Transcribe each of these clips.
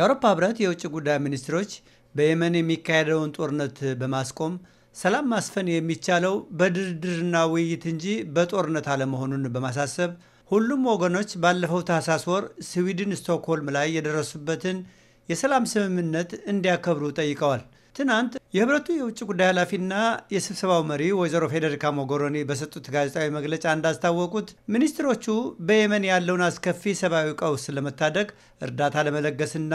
የአውሮፓ ህብረት የውጭ ጉዳይ ሚኒስትሮች በየመን የሚካሄደውን ጦርነት በማስቆም ሰላም ማስፈን የሚቻለው በድርድርና ውይይት እንጂ በጦርነት አለመሆኑን በማሳሰብ ሁሉም ወገኖች ባለፈው ታህሳስ ወር ስዊድን ስቶክሆልም ላይ የደረሱበትን የሰላም ስምምነት እንዲያከብሩ ጠይቀዋል። ትናንት የህብረቱ የውጭ ጉዳይ ኃላፊና የስብሰባው መሪ ወይዘሮ ፌደሪካ ሞጎሮኒ በሰጡት ጋዜጣዊ መግለጫ እንዳስታወቁት ሚኒስትሮቹ በየመን ያለውን አስከፊ ሰብአዊ ቀውስ ለመታደግ እርዳታ ለመለገስና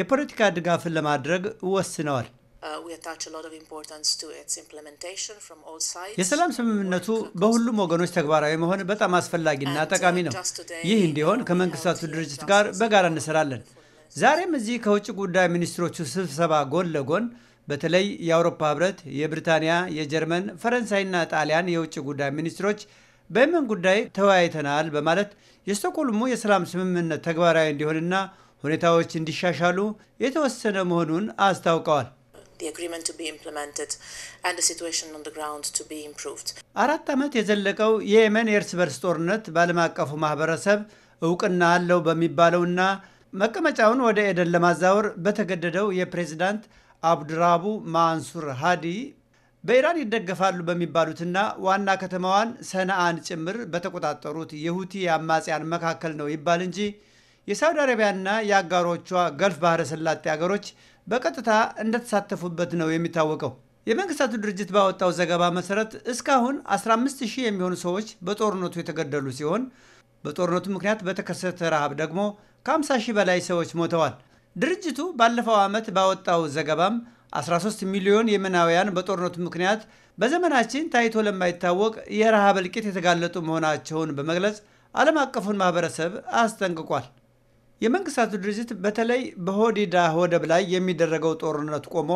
የፖለቲካ ድጋፍን ለማድረግ ወስነዋል። uh, የሰላም ስምምነቱ በሁሉም ወገኖች ተግባራዊ መሆን በጣም አስፈላጊና uh, ጠቃሚ ነው። ይህ እንዲሆን ከመንግስታቱ ድርጅት ጋር በጋራ እንሰራለን። ዛሬም እዚህ ከውጭ ጉዳይ ሚኒስትሮቹ ስብሰባ ጎን ለጎን በተለይ የአውሮፓ ህብረት፣ የብሪታንያ፣ የጀርመን፣ ፈረንሳይና ጣሊያን የውጭ ጉዳይ ሚኒስትሮች በየመን ጉዳይ ተወያይተናል በማለት የስቶኮልሙ የሰላም ስምምነት ተግባራዊ እንዲሆንና ሁኔታዎች እንዲሻሻሉ የተወሰነ መሆኑን አስታውቀዋል። አራት ዓመት የዘለቀው የየመን የእርስ በርስ ጦርነት በዓለም አቀፉ ማህበረሰብ እውቅና አለው በሚባለውና መቀመጫውን ወደ ኤደን ለማዛወር በተገደደው የፕሬዚዳንት አብድራቡ ማንሱር ሃዲ በኢራን ይደገፋሉ በሚባሉትና ዋና ከተማዋን ሰነአን ጭምር በተቆጣጠሩት የሁቲ አማጽያን መካከል ነው ይባል እንጂ የሳውዲ አረቢያና የአጋሮቿ ገልፍ ባህረ ሰላጤ ሀገሮች በቀጥታ እንደተሳተፉበት ነው የሚታወቀው። የመንግስታቱ ድርጅት ባወጣው ዘገባ መሰረት እስካሁን 150 የሚሆኑ ሰዎች በጦርነቱ የተገደሉ ሲሆን በጦርነቱ ምክንያት በተከሰተ ረሃብ ደግሞ ከ50 ሺህ በላይ ሰዎች ሞተዋል። ድርጅቱ ባለፈው ዓመት ባወጣው ዘገባም 13 ሚሊዮን የመናውያን በጦርነቱ ምክንያት በዘመናችን ታይቶ ለማይታወቅ የረሃብ እልቂት የተጋለጡ መሆናቸውን በመግለጽ ዓለም አቀፉን ማህበረሰብ አስጠንቅቋል። የመንግስታቱ ድርጅት በተለይ በሆዲዳ ወደብ ላይ የሚደረገው ጦርነት ቆሞ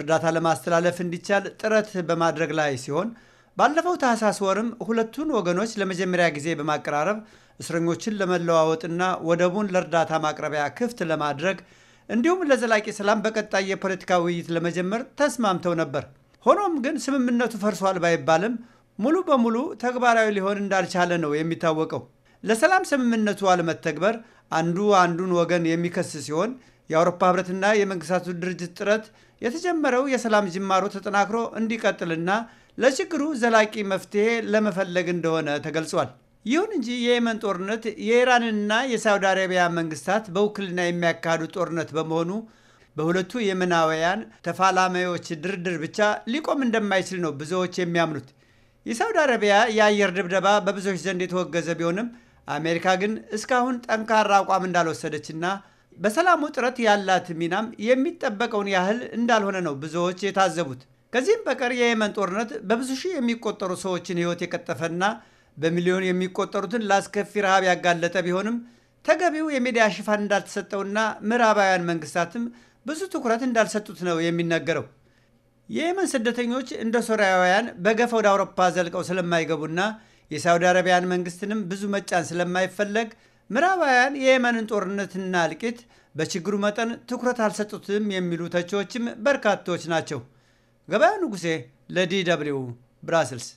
እርዳታ ለማስተላለፍ እንዲቻል ጥረት በማድረግ ላይ ሲሆን ባለፈው ታህሳስ ወርም ሁለቱን ወገኖች ለመጀመሪያ ጊዜ በማቀራረብ እስረኞችን ለመለዋወጥና ወደቡን ለእርዳታ ማቅረቢያ ክፍት ለማድረግ እንዲሁም ለዘላቂ ሰላም በቀጣይ የፖለቲካ ውይይት ለመጀመር ተስማምተው ነበር። ሆኖም ግን ስምምነቱ ፈርሷል ባይባልም ሙሉ በሙሉ ተግባራዊ ሊሆን እንዳልቻለ ነው የሚታወቀው። ለሰላም ስምምነቱ አለመተግበር አንዱ አንዱን ወገን የሚከስ ሲሆን የአውሮፓ ህብረትና የመንግስታቱ ድርጅት ጥረት የተጀመረው የሰላም ጅማሮ ተጠናክሮ እንዲቀጥልና ለችግሩ ዘላቂ መፍትሄ ለመፈለግ እንደሆነ ተገልጿል። ይሁን እንጂ የየመን ጦርነት የኢራንና የሳውዲ አረቢያ መንግስታት በውክልና የሚያካሂዱ ጦርነት በመሆኑ በሁለቱ የመናውያን ተፋላሚዎች ድርድር ብቻ ሊቆም እንደማይችል ነው ብዙዎች የሚያምኑት። የሳውዲ አረቢያ የአየር ድብደባ በብዙዎች ዘንድ የተወገዘ ቢሆንም አሜሪካ ግን እስካሁን ጠንካራ አቋም እንዳልወሰደችና በሰላሙ ጥረት ያላት ሚናም የሚጠበቀውን ያህል እንዳልሆነ ነው ብዙዎች የታዘቡት። ከዚህም በቀር የየመን ጦርነት በብዙ ሺህ የሚቆጠሩ ሰዎችን ሕይወት የቀጠፈና በሚሊዮን የሚቆጠሩትን ላስከፊ ረሃብ ያጋለጠ ቢሆንም ተገቢው የሚዲያ ሽፋን እንዳልተሰጠውና ምዕራባውያን መንግስታትም ብዙ ትኩረት እንዳልሰጡት ነው የሚነገረው። የየመን ስደተኞች እንደ ሶሪያውያን በገፈ ወደ አውሮፓ ዘልቀው ስለማይገቡና የሳውዲ አረቢያን መንግስትንም ብዙ መጫን ስለማይፈለግ ምዕራባውያን የየመንን ጦርነትና እልቂት በችግሩ መጠን ትኩረት አልሰጡትም የሚሉ ተቺዎችም በርካቶች ናቸው። ገበያ ንጉሴ ለዲ ደብልዩ ብራስልስ